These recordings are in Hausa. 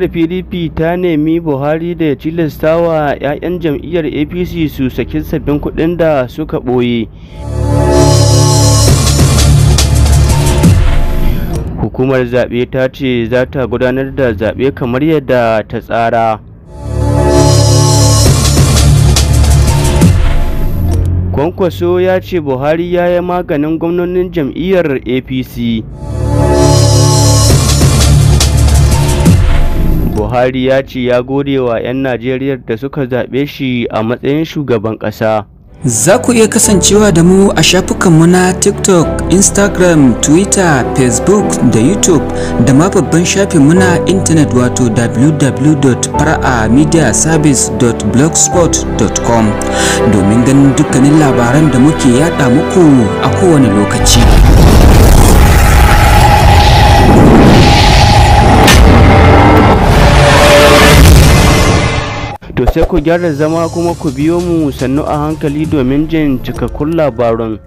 jam'iyyar pdp ta nemi buhari da ya tilasta wa 'ya'yan jam'iyyar apc su saki sabbin kuɗin da suka ɓoye hukumar zaɓe ta ce za ta gudanar da zaɓe kamar yadda ta tsara kwankwaso ya ce buhari ya yi maganin gwamnonin jam'iyyar apc Buhari ya ce ya gode wa 'yan Najeriya da suka zaɓe shi a matsayin shugaban ƙasa. Za ku iya kasancewa da mu a shafukanmu na TikTok, Instagram, Twitter, Facebook da YouTube da ma babban shafinmu na intanet wato www.fara'amediaservice.blogspot.com domin ganin dukkanin labaran da muke yada muku a kowane lokaci. to sai ku gyara zama kuma ku biyo mu sannu a hankali domin jin cikakkun labarun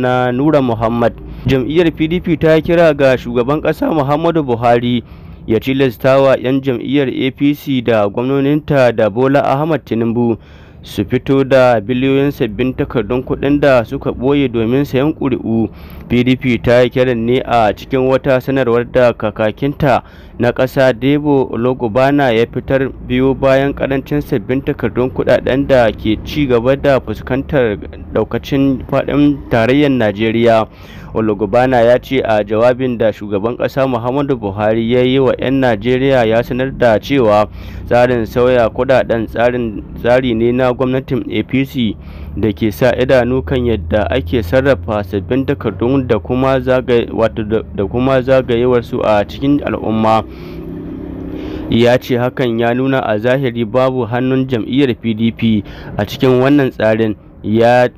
na nura muhammad jam'iyyar pdp ta kira ga shugaban ƙasa muhammadu buhari ya tilastawa 'yan jam'iyyar apc da gwamnoninta da bola ahmad tinubu su fito da biliyoyin sabbin takardun kuɗin da suka ɓoye domin sayan ƙuri'u pdp ta yi kiran ne a cikin wata sanarwar da kakakinta na ƙasa debo logobana ya fitar biyu bayan ƙarancin sabbin takardun kuɗaɗen da ke ci gaba da fuskantar ɗaukacin faɗin tarayyar najeriya Ologobana ya ce a jawabin da shugaban ƙasa muhammadu buhari ya yi wa 'yan najeriya ya sanar da cewa tsarin sauya kudaden tsari ne na gwamnatin apc da ke sa idanu kan yadda ake sarrafa sabbin takardun da kuma su a cikin al'umma ya ce hakan ya nuna a zahiri babu hannun jam'iyyar pdp a cikin wannan tsarin ya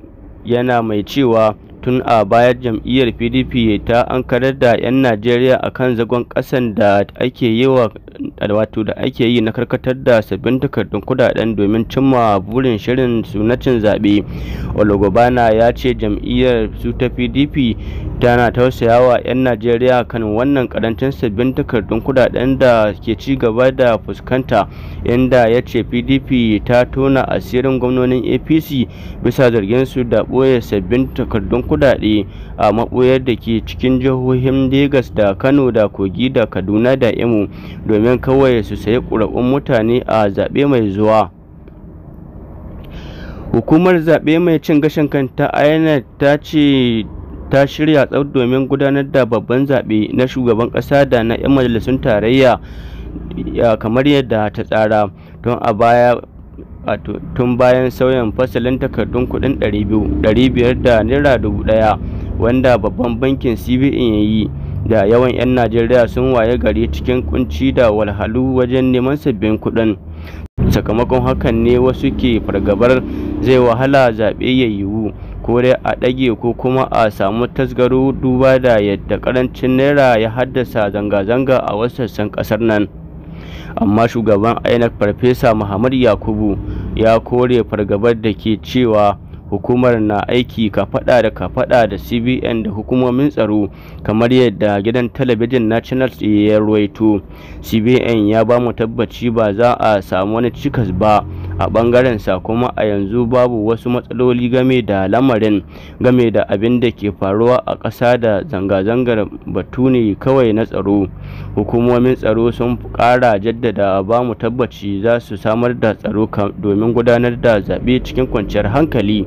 yana mai cewa tun a baya jam'iyyar pdp ta ankarar da 'yan najeriya a kan zagon kasan da ake yi wato da ake yi na karkatar da sabbin takardun kudaden domin cimma burin shirin sunacin zaɓe olugobana ya ce jam'iyyar su ta pdp tana wa 'yan najeriya kan wannan karancin sabbin takardun kudaden da ke ci gaba da fuskanta inda ya ce pdp ta tona asirin gwamnonin apc bisa zargin su da ɓoye sabbin takardun kudaden kudade a maɓoyar da ke cikin jihohin Legas da Kano da Kogi da Kaduna da Imo domin kawai su sayi ƙuri'un mutane a zaɓe mai zuwa. Hukumar zaɓe mai cin gashin kanta INEC ta ce ta shirya tsaf domin gudanar da babban zaɓe na shugaban ƙasa da na 'yan majalisun tarayya kamar yadda ta tsara don a baya wato tun bayan sauyin fasalin takardun kuɗin 500 da naira ɗaya wanda babban bankin cbn ya yi da yawan 'yan najeriya sun waye gari cikin kunci da walhalu wajen neman sabbin kuɗin sakamakon hakan ne wasu ke fargabar zai wahala zaɓe ya yiwu ko dai a ɗage ko kuma a samu tasgaro duba da yadda ƙarancin naira ya haddasa zanga-zanga a wasu sassan ƙasar nan amma shugaban inec farfesa muhammad yakubu ya kore fargabar da ke cewa hukumar na aiki kafaɗa da kafaɗa da cbn da hukumomin tsaro kamar yadda gidan talabijin national ya ruwaito cbn ya ba mu tabbaci ba za a samu wani cikas ba a bangaren sa kuma a yanzu babu wasu matsaloli game da lamarin game da abin da ke faruwa a ƙasa da zanga-zangar batu ne kawai na tsaro hukumomin tsaro sun ƙara jaddada ba mu tabbaci za su samar da tsaro domin gudanar da zaɓe cikin kwanciyar hankali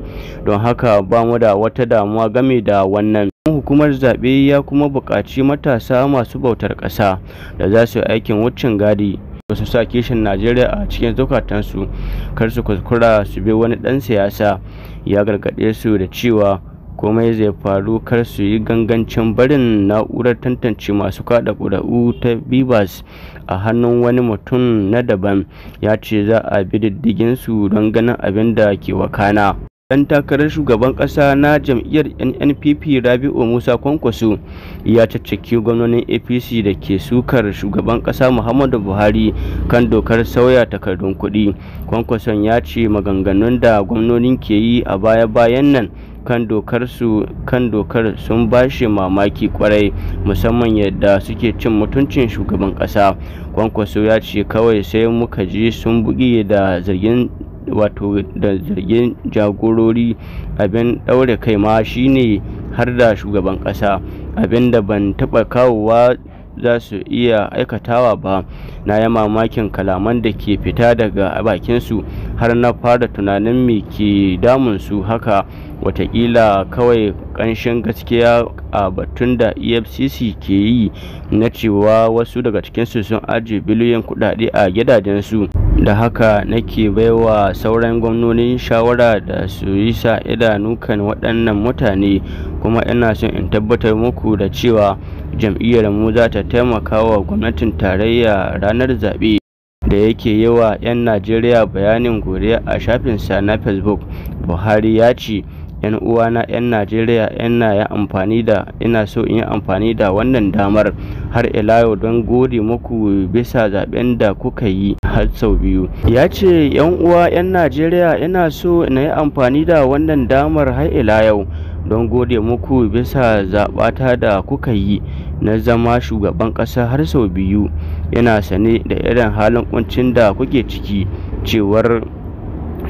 don haka ba mu da wata damuwa game da wannan hukumar zaɓe ya kuma buƙaci matasa masu bautar ƙasa da za su aikin wucin gadi su sa kishin najeriya a cikin zukatansu kar su kuskura su bi wani dan siyasa ya gargaɗe su da cewa komai zai faru kar su yi gangancin barin na'urar tantance masu kada ƙuri'u ta bibas a hannun wani mutum na daban ya ce za a bi diddigin su don ganin abin da ke wakana dan takarar shugaban ƙasa na jam'iyyar nnpp rabi'u musa kwankwaso ya caccaki gwamnonin apc da ke sukar shugaban ƙasa muhammadu buhari kan dokar sauya takardun kuɗi kwankwason ya ce maganganun da gwamnonin ke yi a baya-bayan nan kan dokar su kan dokar sun bashi mamaki kwarai musamman yadda suke cin mutuncin shugaban ƙasa, kwankwaso ya ce kawai sai muka ji sun bugi da zargin wato da zargin jagorori abin ɗaure kai ma shine har da shugaban ƙasa abin da ban taɓa kawowa za su iya aikatawa ba na yi mamakin kalaman da ke fita daga bakinsu har na fara tunanin me ke damunsu haka Wataƙila kawai ƙanshin gaskiya a batun da efcc ke yi na cewa wasu daga cikinsu sun ajiye biliyan kudade a gidajensu da haka nake baiwa sauran gwamnonin shawara da su yi sa idanukan waɗannan mutane kuma ina son in tabbatar muku da cewa jam'iyyar mu za ta taimaka wa gwamnatin tarayya ranar zaɓe da yake yawa 'yan najeriya bayanin godiya a shafinsa na facebook buhari ya ce 'yan uwana 'yan najeriya na ya amfani da ina so in yi amfani da wannan damar har ila don gode muku bisa zaben da kuka yi har sau biyu ya ce 'yan uwa 'yan najeriya ina so na yi amfani da wannan damar har ila don gode muku bisa zaɓata da kuka yi na zama shugaban ƙasa har sau biyu yana sane da irin halin kuncin da kuke ciki cewar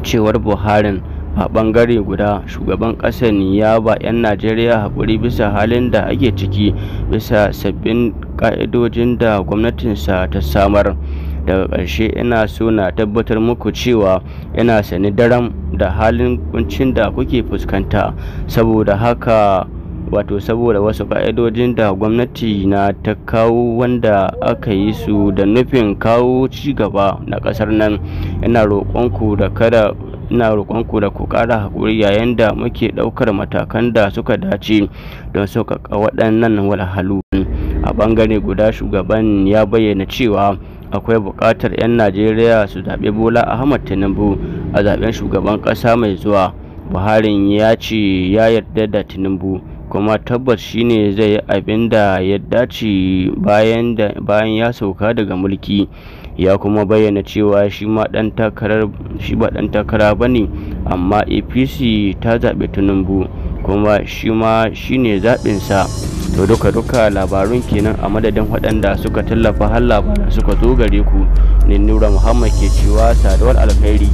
cewar buharin a bangare guda shugaban ƙasar ya ba 'yan najeriya haƙuri bisa halin da ake ciki bisa sabbin ƙa'idojin da gwamnatinsa ta samar daga ƙarshe ina so na tabbatar muku cewa ina sani daram da halin kuncin da kuke fuskanta saboda haka wato saboda wasu ƙa'idojin da gwamnati na ta kawo wanda aka yi su da nufin kawo ci gaba na ƙasar nan ina roƙonku da kada ina roƙonku da ku ƙara haƙuri yayin da muke ɗaukar matakan da suka dace don sauƙaƙa waɗannan walhalu a ɓangare guda shugaban ya bayyana cewa akwai buƙatar 'yan najeriya su zaɓi bola ahmad tinubu a zaɓen shugaban ƙasa mai zuwa buharin ya ce ya yarda da tinubu kuma tabbas shine zai yi abin da ya dace bayan ya sauka daga mulki ya kuma bayyana cewa shi ba ɗan takara bane amma apc ta zaɓi tinubu kuma shi ma zaɓin sa sa to duka duka labarun kenan a madadin waɗanda suka tallafa har suka zo gare ku ne nura muhammad ke cewa saduwar alkhairi